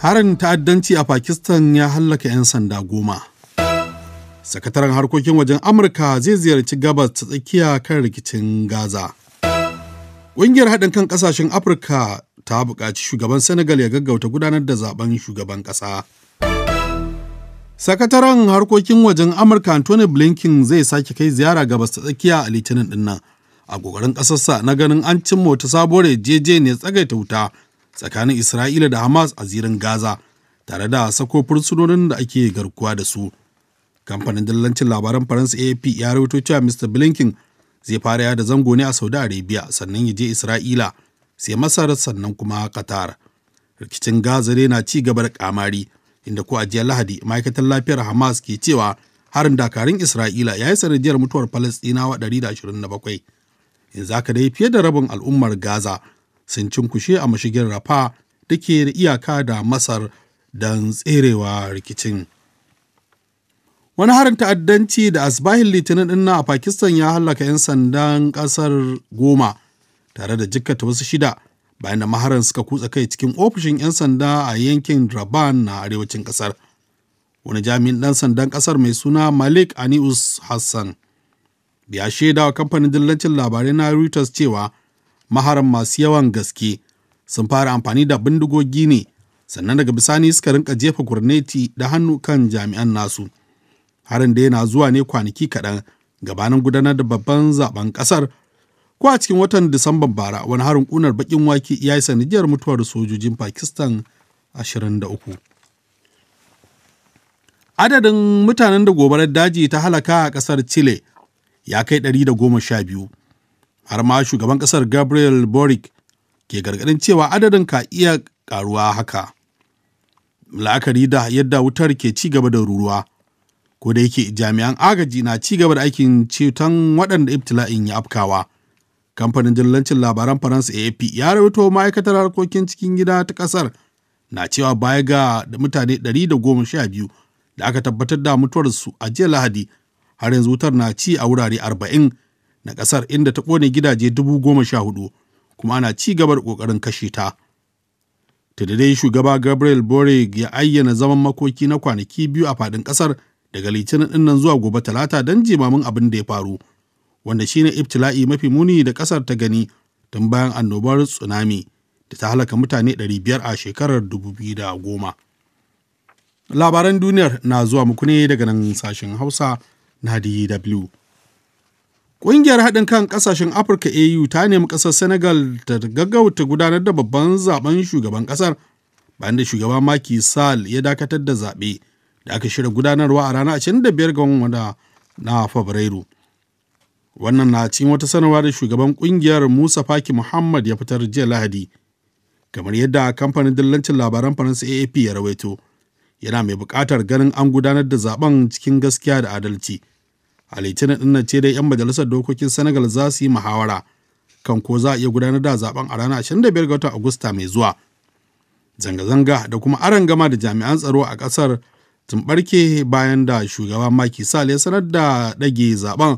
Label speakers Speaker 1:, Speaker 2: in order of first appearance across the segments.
Speaker 1: Harin ta'addanci a Pakistan ya hallaka 'yan sanda goma. Sakataren harkokin wajen Amurka zai ziyarci gabas ta tsakiya kan rikicin Gaza. Ƙungiyar haɗin kan ƙasashen Afirka ta buƙaci shugaban Senegal ya gaggauta gudanar da zaben shugaban ƙasa. Sakataren harkokin wajen Amurka Anthony Blinken zai sake kai ziyara gabas ta tsakiya a Litinin ɗin nan. a ƙoƙarin ƙasarsa na ganin an cimma wata sabuwar yarjejeniyar tsagaita wuta tsakanin Isra'ila da Hamas a zirin Gaza tare da sako fursunonin da ake garkuwa da su. Kamfanin dillancin labaran Faransa AFP ya rawaito cewa Mr. Blinken zai fara yada zango ne a Saudi Arabia sannan ya je Isra'ila sai Masar sannan kuma Qatar. Rikicin Gaza dai na ci gaba da kamari inda ko a Lahadi Ma'aikatan lafiyar Hamas ke cewa harin dakarun Isra'ila ya yi sanadiyar mutuwar Falasɗinawa 127. Yanzu haka dai fiye da rabin al'ummar Gaza sun cinkushe a mashigin rafa da ke da iyaka da masar don tserewa rikicin wani harin ta'addanci da asbahin litinin din a pakistan ya hallaka 'yan sandan kasar goma tare da jikkata wasu shida bayan da maharan suka kutsa kai cikin ofishin 'yan sanda a yankin draban na arewacin kasar wani jami'in ɗan sandan kasar mai suna malik anius hassan ya shaida wa kamfanin dillancin labarai na reuters cewa maharan masu yawan gaske sun fara amfani da bindigogi ne sannan daga bisani suka rinka jefa gurneti da hannu kan jami'an nasu harin da yana zuwa ne kwanaki kaɗan gabanin gudanar da babban zaben ƙasar ko a cikin watan disamban bara wani harin ƙunar baƙin wake ya yi sanadiyar mutuwar sojojin pakistan 23 adadin mutanen da gobarar daji ta halaka a ƙasar chile ya kai 112 har ma shugaban kasar gabriel boric ke gargadin cewa adadin ka iya karuwa haka la'akari da yadda wutar ke ci gaba da ruruwa ko da yake jami'an agaji na ci gaba da aikin ceton waɗanda ibtila'in ya afkawa kamfanin jallancin labaran faransa afp ya rawaito ma'aikatar harkokin cikin gida ta ƙasar na cewa baya ga mutane 112 da aka tabbatar da mutuwarsu a jiya lahadi har yanzu wutar na ci a wurare arba'in. na ƙasar inda ta ƙone gidaje dubu goma sha hudu kuma ana ci gaba da ƙoƙarin kashe ta. dai shugaba Gabriel boreg ya ayyana zaman makoki na kwanaki biyu a faɗin ƙasar daga litinin ɗinnan zuwa gobe talata don jimamin abin da ya faru, wanda shine ibtila'i mafi muni da ƙasar ta gani tun bayan annobar tsunami da ta halaka mutane 500 a shekarar 2010. Labaran duniyar na zuwa muku ne daga nan sashen Hausa na DW. Ƙungiyar haɗin kan ƙasashen Afirka AU ta nemi ƙasar Senegal ta gaggauta gudanar da babban zaben shugaban ƙasar bayan da shugaban Macky Sall ya dakatar da zaɓe da aka shirya gudanarwa a ranar 25 ga wanda na Fabrairu. Wannan na cikin wata sanarwa da shugaban ƙungiyar Musa Faki Muhammad ya fitar jiya Lahadi. Kamar yadda kamfanin dillancin labaran Faransa AAP ya rawaito, yana mai buƙatar ganin an gudanar da zaben cikin gaskiya da adalci. a litinin na ce dai 'yan majalisar dokokin senegal za su yi muhawara kan ko za a iya gudanar da zaben a ranar 25 ga watan agusta mai zuwa zanga-zanga da kuma aron gama da jami'an tsaro a ƙasar tun barke bayan da shugaba maki Sall ya sanar da dage zaben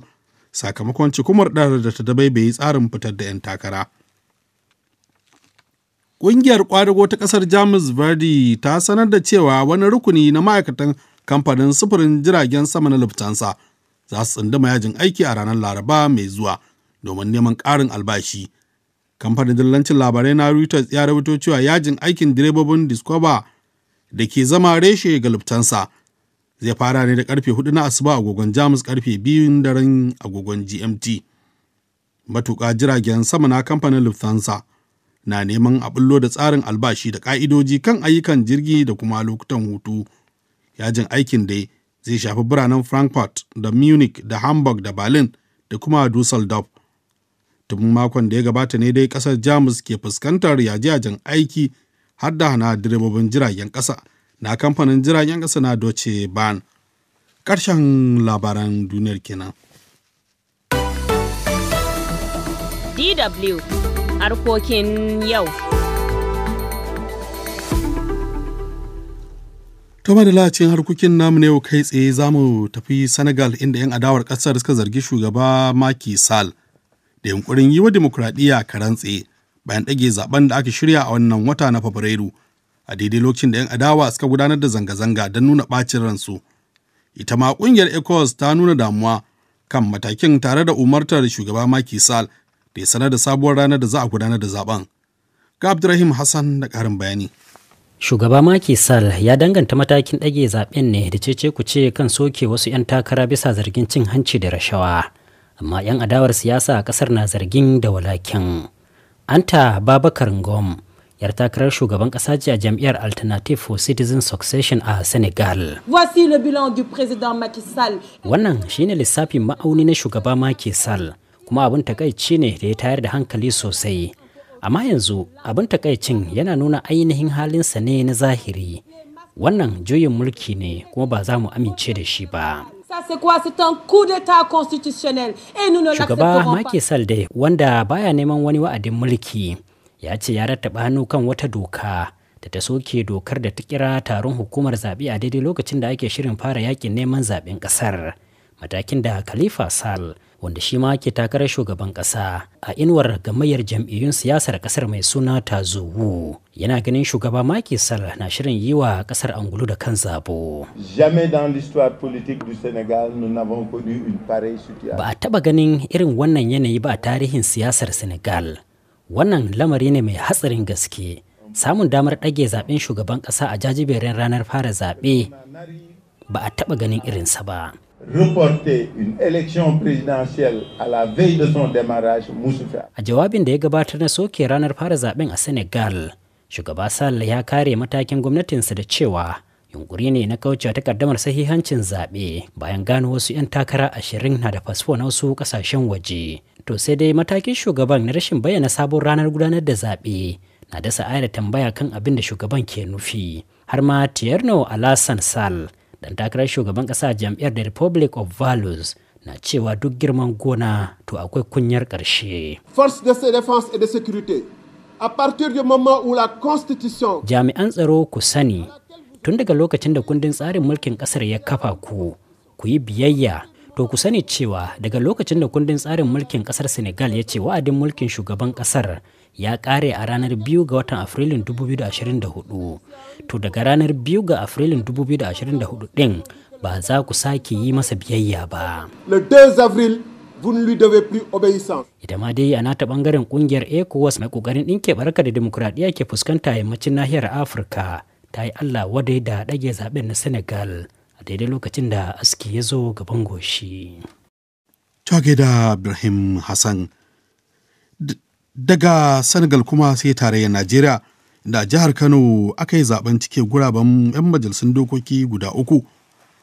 Speaker 1: sakamakon cikumar ɗarar da ta bai tsarin fitar da 'yan takara. Ƙungiyar ƙwadago ta ƙasar Jamus Verdi ta sanar da cewa wani rukuni na ma'aikatan kamfanin sufurin jiragen sama na Lufthansa za su tsunduma yajin aiki a ranar laraba mai zuwa domin neman ƙarin albashi kamfanin dillancin labarai na reuters ya rubuto cewa yajin aikin direbobin discover da ke zama reshe ga luftansa zai fara ne da karfe hudu na asuba agogon jamus karfe 2 daren agogon gmt matuƙa jiragen sama na kamfanin luftansa na neman a bullo da tsarin albashi da ƙa'idoji kan ayyukan jirgi da kuma lokutan hutu yajin aikin dai zai shafi biranen frankfurt da munich da hamburg da berlin da kuma dusseldorf tun makon da ya gabata ne dai kasar jamus ke fuskantar yajiyajen aiki har da na direbobin jiragen kasa na kamfanin jiragen kasa na doce ban karshen labaran duniyar kenan
Speaker 2: dw harkokin yau
Speaker 1: To da lacin harkokin namu na kai tsaye za mu tafi Senegal inda 'yan adawar ƙasar suka zargi shugaba Macky Sall da yunkurin yi wa demokuraɗiyya ka tsaye bayan ɗage zaben da aka shirya a wannan wata na Fabrairu a daidai lokacin da 'yan adawa suka gudanar da zanga-zanga don nuna ɓacin ransu. Ita ma ƙungiyar ECOWAS ta nuna damuwa kan matakin tare da umartar shugaba Macky Sall da ya sanar
Speaker 2: da sabuwar ranar da za a gudanar da zaben. Ga Abdurrahim Hassan da ƙarin bayani. shugaba Macky Sall ya danganta matakin ɗage zaben ne da cece ku ce kan soke wasu 'yan takara bisa zargin cin hanci da rashawa amma 'yan adawar siyasa a ƙasar na zargin da walakin anta babakar ngom yar takarar shugaban ƙasa a jam'iyyar alternative for citizen succession a senegal wannan shine lissafin ma'auni na shugaba Macky Sall kuma abin takaici ne da ya tayar da hankali sosai amma yanzu abin takaicin yana nuna ainihin halinsa ne na zahiri wannan juyin mulki ne kuma ba za mu amince da shi ba
Speaker 3: shugaba Macky
Speaker 2: Sall dai wanda baya neman wani wa'adin mulki ya ce ya rattaba hannu kan wata doka da ta soke dokar da ta kira taron hukumar zaɓe a daidai lokacin da ake shirin fara yakin neman zaɓen ƙasar. matakin da khalifa sal wanda shi ma ke takarar shugaban ƙasa a inuwar gamayyar jam'iyyun siyasar ƙasar mai suna tazuwu yana ganin shugaba Macky Sall na shirin yi wa ƙasar angulu da kan zabo. Ba a taɓa ganin irin wannan yanayi ba a tarihin siyasar Senegal. Wannan lamari ne mai hatsarin gaske. Samun damar ɗage zaɓen shugaban ƙasa a jajiberin ranar fara zaɓe ba a taɓa ganin irinsa ba.
Speaker 4: reporter une élection présidentielle à la veille de son démarrage Moussoufa.
Speaker 2: A jawabin da ya gabatar na soke ranar fara zaben a Senegal, shugaba Sall ya kare matakin gwamnatinsa da cewa yunkuri ne na kauce takaddamar sahihancin zaɓe bayan gano wasu 'yan takara ashirin na da fasfo na wasu kasashen waje. To sai dai matakin shugaban na rashin bayyana sabon ranar gudanar da zaɓe na dasa ayar tambaya kan abin da shugaban ke nufi. Har ma Tierno Alassane Sall dan takarar shugaban ƙasa jam'iyyar the republic of values na cewa duk girman gona to akwai kunyar ƙarshe.
Speaker 4: de de a partir du constitution
Speaker 2: Jami'an tsaro ku sani tun daga lokacin da kundin tsarin mulkin ƙasar ya kafa ku ku yi biyayya to ku sani cewa daga lokacin da kundin tsarin mulkin kasar senegal ya ce wa'adin mulkin shugaban kasar ya kare a ranar 2 ga watan afrilun 2024 to daga ranar 2 ga afrilun 2024 din ba za ku sake yi masa biyayya ba Ita ma dai a ta bangaren kungiyar ECOWAS mai kokarin ɗinke barka da demokuraɗiyya ke fuskanta yammacin nahiyar Afirka ta yi Allah wadai da ɗage zaɓen na Senegal. a daidai lokacin da aski ya zo gaban goshi.
Speaker 1: Tage da Ibrahim Hassan daga Senegal kuma sai tarayyar Najeriya da jihar Kano aka yi zaben cike guraben 'yan majalisun dokoki guda uku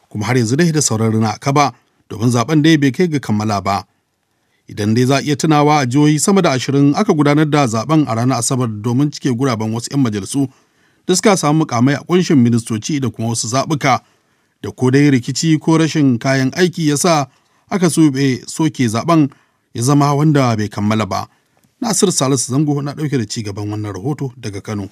Speaker 1: kuma har yanzu dai da sauraron aka ba domin zaben dai bai kai ga kammala ba. Idan dai za a iya tunawa a jihohi sama da ashirin aka gudanar da zaben a ranar Asabar domin cike guraben wasu 'yan majalisu da suka samu mukamai a kunshin ministoci da kuma wasu zaɓuka. da ko dai rikici ko rashin kayan aiki ya sa aka sube soke zaben ya zama wanda bai kammala ba. Nasir Salisu Zango na ɗauke da ci gaban wannan rahoto daga Kano.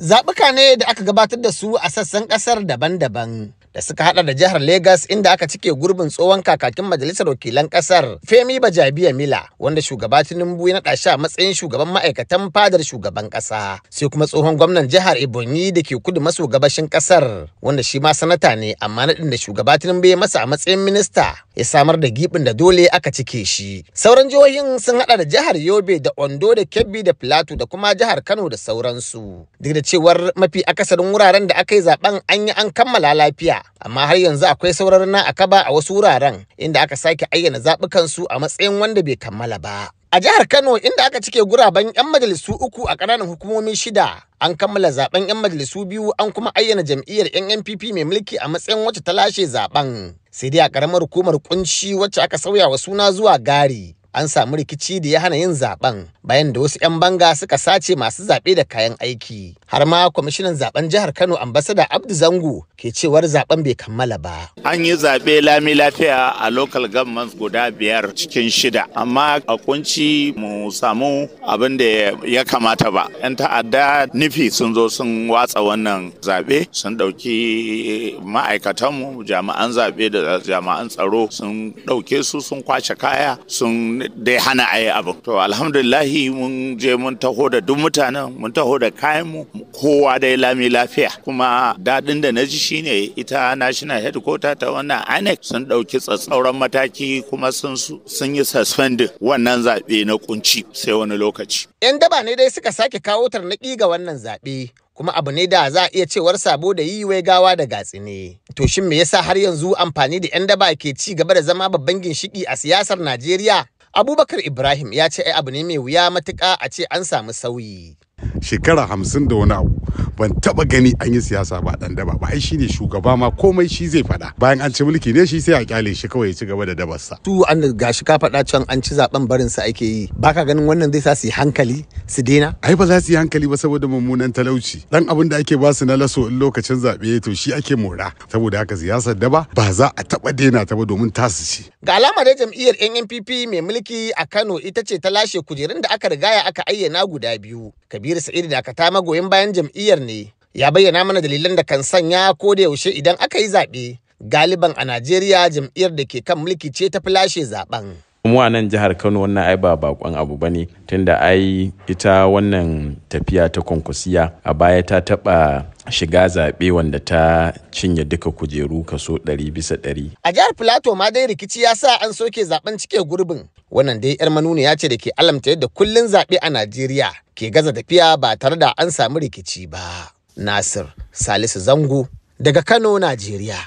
Speaker 4: Zaɓuka ne da aka gabatar da su a sassan ƙasar daban-daban. da suka hada da jihar Legas inda aka cike gurbin tsohon kakakin majalisar wakilan kasar Femi Bajabiya Mila wanda shugaba Tinubu ya nada shi a matsayin shugaban ma'aikatan fadar shugaban kasa sai kuma tsohon gwamnan jihar Ebonyi da ke kudu maso gabashin kasar wanda shi ma sanata ne amma naɗin da shugaba Tinubu ya masa a matsayin minista ya samar da gibin da dole aka cike shi sauran jihohin sun hada da jihar Yobe da Ondo da Kebbi da Plateau da kuma jihar Kano da sauransu duk da cewar mafi akasarin wuraren da aka yi zaben an yi an kammala lafiya amma har yanzu akwai sauran na a kaba a wasu wuraren inda aka sake ayyana su a matsayin wanda bai kammala ba. A jihar Kano inda aka cike guraben 'yan majalisu uku a ƙananan hukumomi shida, an kammala zaben 'yan majalisu biyu an kuma ayyana jam'iyyar 'yan NPP mai mulki a matsayin wacce ta lashe zaben. Sai dai a ƙaramar hukumar kunshi wacce aka sauya wa suna zuwa gari. an samu rikici da ya hana yin zaben bayan da wasu 'yan banga suka sace masu zaɓe da kayan aiki har ma kwamishinan zaben jihar kano ambasada abdu zango ke cewar zaben bai kammala ba an yi zaɓe lami lafiya a local government guda biyar cikin shida amma a kunci mu samu abin da ya kamata ba 'yan ta'adda nufi sun zo sun watsa wannan zaɓe sun ɗauki ma'aikatanmu jami'an zaɓe da jami'an tsaro sun ɗauke su sun kwace kaya sun da hana a yi abin to alhamdulillahi mun je mun taho da duk mutanen mun taho da mu. kowa dai lami lafiya kuma daɗin da na ji shine ita national headquarter ta wannan inec sun ɗauki tsatsauran mataki kuma sun sun yi suspending wannan zaɓe na kunci sai wani lokaci 'yan daba ne dai suka sake kawo tarnaƙi ga wannan zaɓe kuma abu ne da za a iya cewar sabo da wai gawa da gatsi ne. To shin me yasa har yanzu amfani da 'yan daba ke ci gaba da zama babban ginshiki a siyasar Najeriya? Abubakar Ibrahim ya ce ai abu ne mai wuya matuƙa a ce an samu sauyi.
Speaker 1: shekara hamsin da wani abu ban taba gani
Speaker 4: an yi siyasa ba dan daba ba ai shine shugaba ma komai shi zai faɗa bayan an ci mulki ne shi sai a kyale shi kawai ya ci gaba da dabarsa tu an gashi ka fada can an ci zaben barin sa ake yi baka ganin wannan zai sa su yi hankali su daina ai ba za su yi hankali ba saboda mummunan talauci dan abin da ake ba su na laso in lokacin zaɓe to shi ake mora saboda haka siyasar daba ba za a taba daina ta ba domin su ci ga alama da jam'iyyar NNPP mai mulki a Kano ita ce ta lashe kujerun da aka rigaya aka ayyana guda biyu kabiru sa'id dakata magoyin bayan jam'iyyar ne ya bayyana mana dalilan da kan sanya ko da yaushe idan aka yi zaɓe galiban a najeriya jam'iyyar da ke kan mulki ce ta filashe zaben
Speaker 3: kuma nan jihar kano wannan ai ba bakon abu ba ne tunda ai ita wannan tafiya ta kwankwasiya a baya ta taɓa shiga zaɓe wanda ta cinye duka kujeru kaso ɗari bisa ɗari.
Speaker 4: A jihar Filato ma dai rikici ya sa an soke zaɓen cike gurbin. Wannan dai 'yar ya ce da ke alamta yadda kullun zaɓe a Najeriya ke gaza tafiya ba tare da an samu rikici ba. Nasir Salisu Zango daga Kano, Najeriya.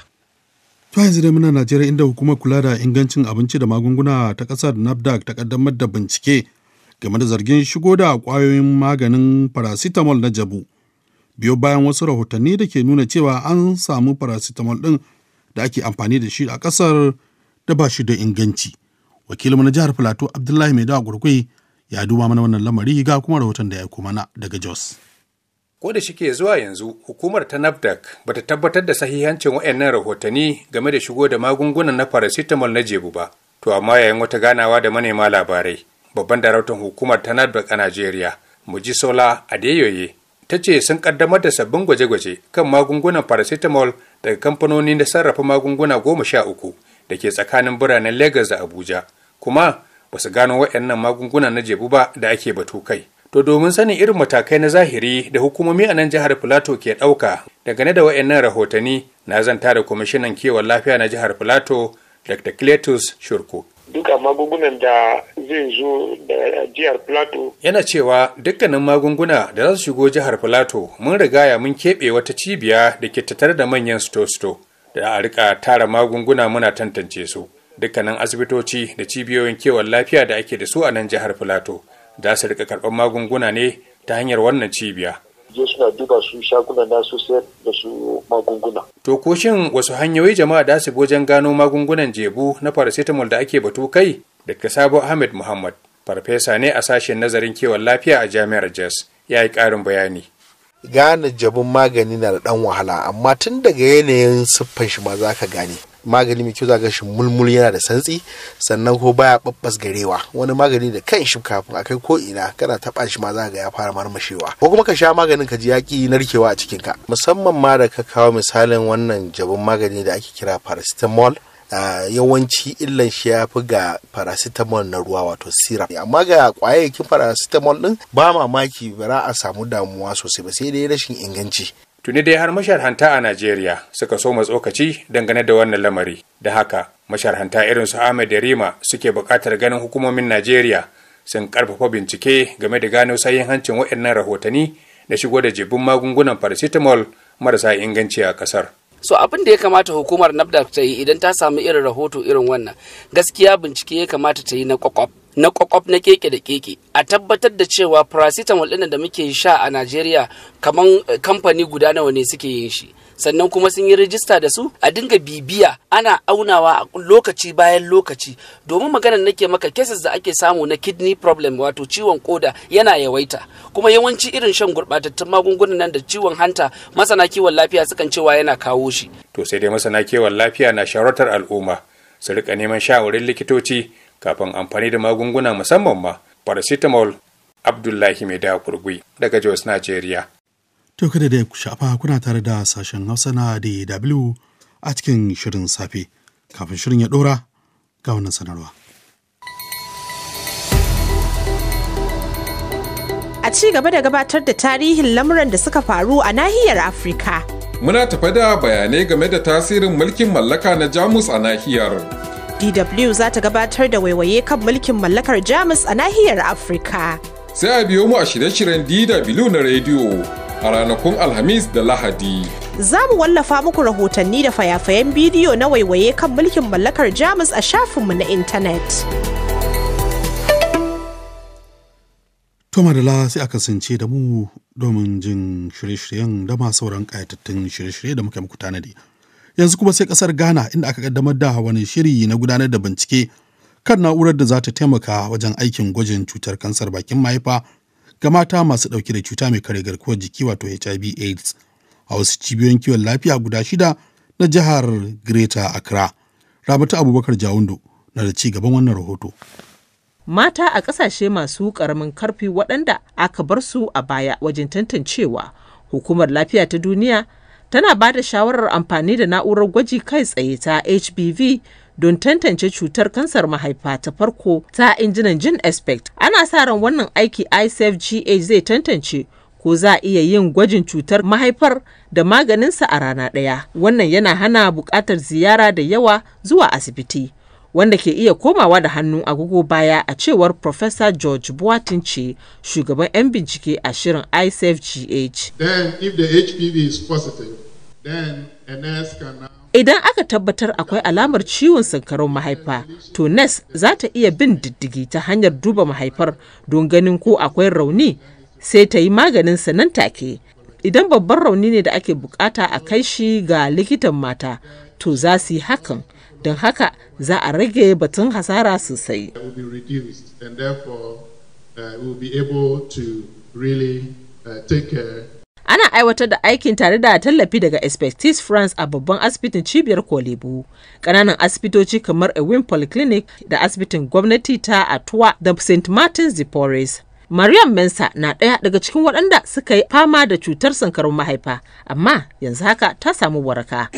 Speaker 1: To yanzu dai muna Najeriya inda hukumar kula da ingancin abinci da magunguna ta ƙasar NAFDAC ta kaddamar da bincike game da zargin shigo da ƙwayoyin maganin paracetamol na jabu biyo bayan wasu rahotanni da ke nuna cewa an samu paracetamol ɗin da ake amfani da shi a ƙasar da ba shi da inganci wakilin na jihar filato abdullahi mai dawa ya duba mana wannan lamari ga kuma rahoton da ya na daga jos
Speaker 5: ko da shike zuwa yanzu hukumar ta nafdak ba ta tabbatar da sahihancin waɗannan rahotanni game da shigo da magungunan na paracetamol na jebu ba to amma yayin wata ganawa da manema labarai babban darautar hukumar ta nafdak a najeriya mujisola adeyoye ta ce sun kaddamar da sabbin gwaje-gwaje kan magungunan paracetamol daga kamfanoni na sarrafa magunguna goma sha uku da ke tsakanin biranen Legas da Abuja, kuma ba su gano waɗannan magunguna na jebu ba da ake batu kai. To domin sanin irin matakai na zahiri da hukumomi a nan jihar Filato ke ɗauka dangane da waɗannan rahotanni na zanta da kwamishinan kiwon lafiya na jihar Filato Dr. Cletus Shurko
Speaker 4: duka magungunan da zai zo da jihar
Speaker 5: plato yana cewa dukkanin magunguna da za su shigo jihar plato mun rigaya mun keɓe wata cibiya da ke tattare da manyan sito-sito da a rika tara magunguna muna tantance su dukkanin asibitoci da cibiyoyin kewan lafiya da ake da su a nan jihar plato za su rika karɓar magunguna ne ta hanyar wannan cibiya
Speaker 1: je suna duba su shagunan na su sayar da su magunguna.
Speaker 5: To ko shin wasu hanyoyi jama'a da su wajen gano magungunan jebu na paracetamol da ake batu kai? Dr. Sabo Ahmed Muhammad, farfesa ne a sashen nazarin kiwon lafiya a jami'ar Jos, ya yi ƙarin bayani.
Speaker 4: Gane jabin magani na da ɗan wahala, amma tun daga yanayin siffan shi ma za ka gane. magani mai kyau za ga shi mulmul yana da santsi sannan ko baya babbas garewa wani magani da kan shi kafin akai ko ina kana taba shi ma za ga ya fara marmashewa ko kuma ka sha maganin ka ji yaki narkewa a cikin ka
Speaker 1: musamman ma da ka kawo misalin wannan jabin magani da ake kira paracetamol Uh, yawanci illan shi ya fi ga paracetamol na ruwa wato syrup amma ga kwayayyakin
Speaker 4: paracetamol din ba mamaki ba a samu damuwa sosai ba sai dai rashin inganci
Speaker 5: tuni dai har masharhanta a najeriya suka so tsokaci dangane da wannan lamari da haka masharhanta irin su ahmed da suke buƙatar ganin hukumomin najeriya sun karfafa bincike game da gano sayin hancin waɗannan rahotanni da shigo da jibin magungunan paracetamol marasa inganci a ƙasar
Speaker 3: so abin da ya kamata hukumar nafda ta yi idan ta samu irin rahoto irin wannan gaskiya bincike ya kamata ta yi na kwakwaf na kwakwaf na keke da keke a tabbatar da cewa paracetamol ɗin da muke sha a najeriya kamar eh, kamfani guda nawa ne suke yin shi sannan kuma sun yi rijista da su a dinga bibiya ana aunawa a lokaci bayan lokaci domin maganar nake maka cases da ake samu na kidney problem wato ciwon
Speaker 5: koda yana yawaita kuma yawanci irin shan gurɓatattun magungunan nan da ciwon hanta masana kiwon lafiya sukan cewa yana kawo shi to sai dai masana kiwon lafiya na shawartar al'umma su rika neman shawarin likitoci kafin amfani da magunguna musamman ma paracetamol abdullahi mai dawa kurgui daga jos nigeria
Speaker 1: to kada da ku shafa kuna tare da sashen hausa na dw a cikin shirin safe kafin shirin ya dora ga wannan sanarwa
Speaker 3: a ci gaba da gabatar da tarihin lamuran da suka faru a nahiyar afirka
Speaker 5: Muna tafa da bayanai game da tasirin mulkin mallaka na Jamus a nahiyar.
Speaker 3: DW za ta gabatar da waiwaye kan mulkin mallakar Jamus a nahiyar Afirka.
Speaker 5: Sai a biyo mu a shirye-shiryen DW na rediyo a ranakun Alhamis da Lahadi.
Speaker 3: Za mu wallafa muku rahotanni da fayafayen bidiyo na waiwaye kan mulkin mallakar Jamus a shafinmu na intanet.
Speaker 1: To madala sai a kasance da mu domin jin shirye-shiryen da ma sauran kayatattun shirye-shirye da muka muku tanadi. Yanzu kuma sai kasar Ghana inda aka kaddamar da wani shiri na gudanar da bincike kan na'urar da za ta taimaka wajen aikin gwajin cutar kansar bakin mahaifa ga mata masu ɗauke da cuta mai kare garkuwar jiki wato HIV AIDS a wasu cibiyoyin kiwon lafiya guda shida na jihar Greater Accra. Rabatu Abubakar Jawundo na da ci gaban wannan rahoto.
Speaker 3: mata a ƙasashe masu ƙaramin karfi waɗanda aka bar su a baya wajen tantancewa. Hukumar Lafiya ta Duniya tana ba da shawarar amfani da na'urar gwaji kai tsaye ta HBV don tantance cutar kansar mahaifa ta farko ta injinan jin Aspect. Ana sa ran wannan aiki gh zai tantance ko za a iya yin gwajin cutar mahaifar da maganinsa a rana ɗaya. Wannan yana hana buƙatar ziyara da yawa zuwa asibiti. wanda ke iya komawa da hannu agogo baya a cewar Professor George ce shugaban 'yan bincike a shirin ICFGH. Idan aka tabbatar akwai alamar ciwon sankarar mahaifa, to NES za ta iya bin diddigi ta hanyar duba mahaifar don ganin ko akwai rauni sai ta yi maganin nan take. Idan babban rauni ne da ake bukata a kai shi ga likitan mata, to za su yi hakan. don haka za a rage batun hasara sosai. Ana aiwatar da aikin tare da tallafi daga Expertise France a babban asibitin cibiyar Kolebu, ƙananan asibitoci kamar Ewin Polyclinic da asibitin gwamnati ta Atuwa da St. Martin's de Porres. Maryam Mensa na ɗaya daga cikin waɗanda suka yi fama da cutar sankarar mahaifa, amma yanzu haka ta samu waraka.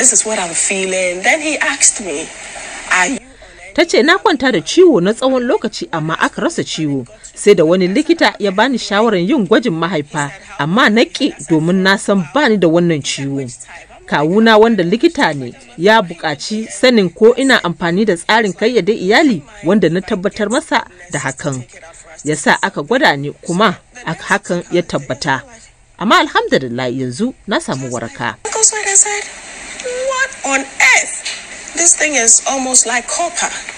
Speaker 3: Ta ce na kwanta da ciwo na tsawon lokaci amma aka rasa ciwo, sai da wani likita ya bani shawarar yin gwajin mahaifa, amma na ƙi domin na san bani da wannan ciwo. kawuna wanda likita ne ya buƙaci sanin ko ina amfani da tsarin kayyade iyali wanda na tabbatar masa da hakan ya sa aka gwada ni kuma hakan ya tabbata amma alhamdulillah yanzu na samu waraka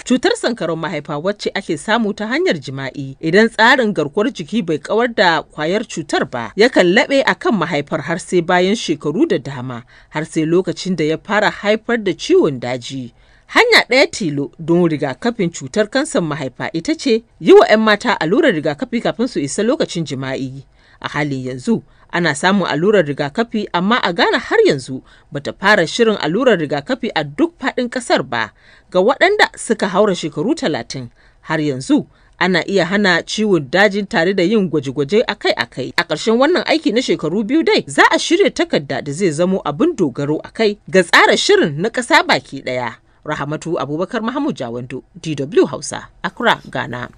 Speaker 3: Cutar sankarar mahaifa wacce ake samu ta hanyar jima'i idan tsarin garkuwar jiki bai kawar da kwayar cutar ba yakan laɓe a kan mahaifar har sai bayan shekaru da dama har sai lokacin da ya fara haifar da ciwon daji. Hanya ɗaya tilo don rigakafin cutar kansar mahaifa ita ce yi wa 'yan mata allurar rigakafi kafin su isa lokacin jima'i. A halin yanzu, ana samun allurar rigakafi amma a Ghana har yanzu bata fara shirin allurar rigakafi a duk faɗin ƙasar ba ga waɗanda suka haura shekaru talatin. Har yanzu, ana iya hana ciwon dajin tare da yin gwaje-gwaje akai-akai. A ƙarshen wannan aiki na shekaru biyu dai za a shirya takarda da zai zamo abin dogaro akai ga tsara shirin na ƙasa baki ɗaya. Rahamatu Abubakar Mahmud Jawando, DW Hausa, Accra, Ghana.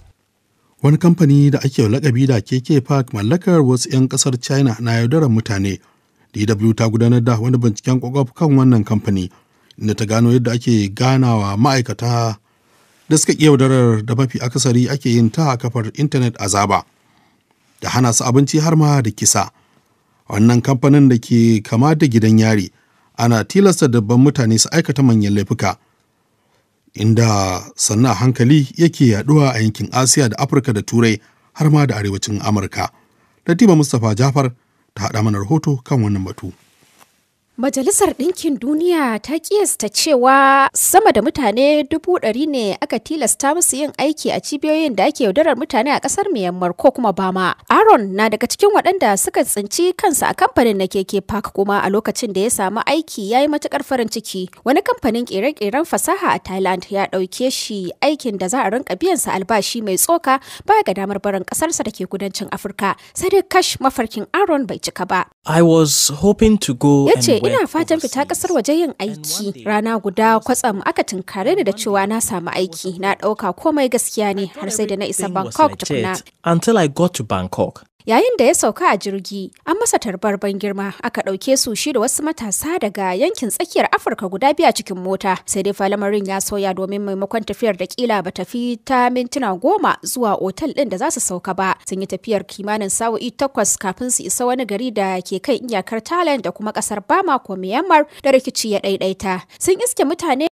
Speaker 1: Wani kamfani da ake lakabi da KK Park mallakar wasu 'yan kasar China na yaudarar mutane. DW ta gudanar da wani binciken kwakwaf kan wannan kamfani, inda ta gano yadda ake ganawa ma'aikata da suka yaudarar da mafi akasari ake yin ta a kafar intanet azaba. Da hana su abinci har ma da kisa. Wannan kamfanin da ke kama da gidan yari, ana tilasta dabban mutane su aikata manyan laifuka inda sannan hankali yake yaduwa a yankin asiya da afirka da turai har ma da arewacin amurka latiba mustapha jafar ta haɗa mana rahoto kan wannan batu
Speaker 6: Majalisar Ɗinkin Duniya ta kiyasta cewa sama da mutane dubu ɗari ne aka tilasta musu yin aiki a cibiyoyin da ake yaudarar mutane a ƙasar Myanmar ko kuma Bama. Aaron na daga cikin waɗanda suka tsinci kansa a kamfanin na keke Park kuma a lokacin da ya samu aiki ya yi matuƙar farin ciki. Wani kamfanin ƙere-ƙeren fasaha a Thailand ya ɗauke shi aikin da za a rinka biyansa albashi mai tsoka baya ga damar barin ƙasarsa da ke kudancin Afirka. Sai dai kash mafarkin Aaron bai cika ba.
Speaker 3: I was hoping to go Ya ce ina
Speaker 6: fatan fita kasar waje yin aiki rana guda kwatsam aka tunkare ni da cewa na samu aiki na ɗauka komai gaskiya ne har sai da na isa Bangkok tukuna.
Speaker 3: Until I got to Bangkok,
Speaker 6: Yayin da ya sauka a jirgi, an masa tarbar ban girma aka ɗauke su shi da wasu matasa daga yankin tsakiyar Afirka guda biya cikin mota. Sai dai falamarin ya sauya domin maimakon tafiyar da kila ba tafi ta mintuna goma zuwa otal ɗin da za su sauka ba. Sun yi tafiyar kimanin sa'o'i takwas kafin su isa wani gari da ke kan iyakar Thailand da kuma ƙasar Bama ko Myanmar da rikici ya ɗaiɗaita. Sun iske mutane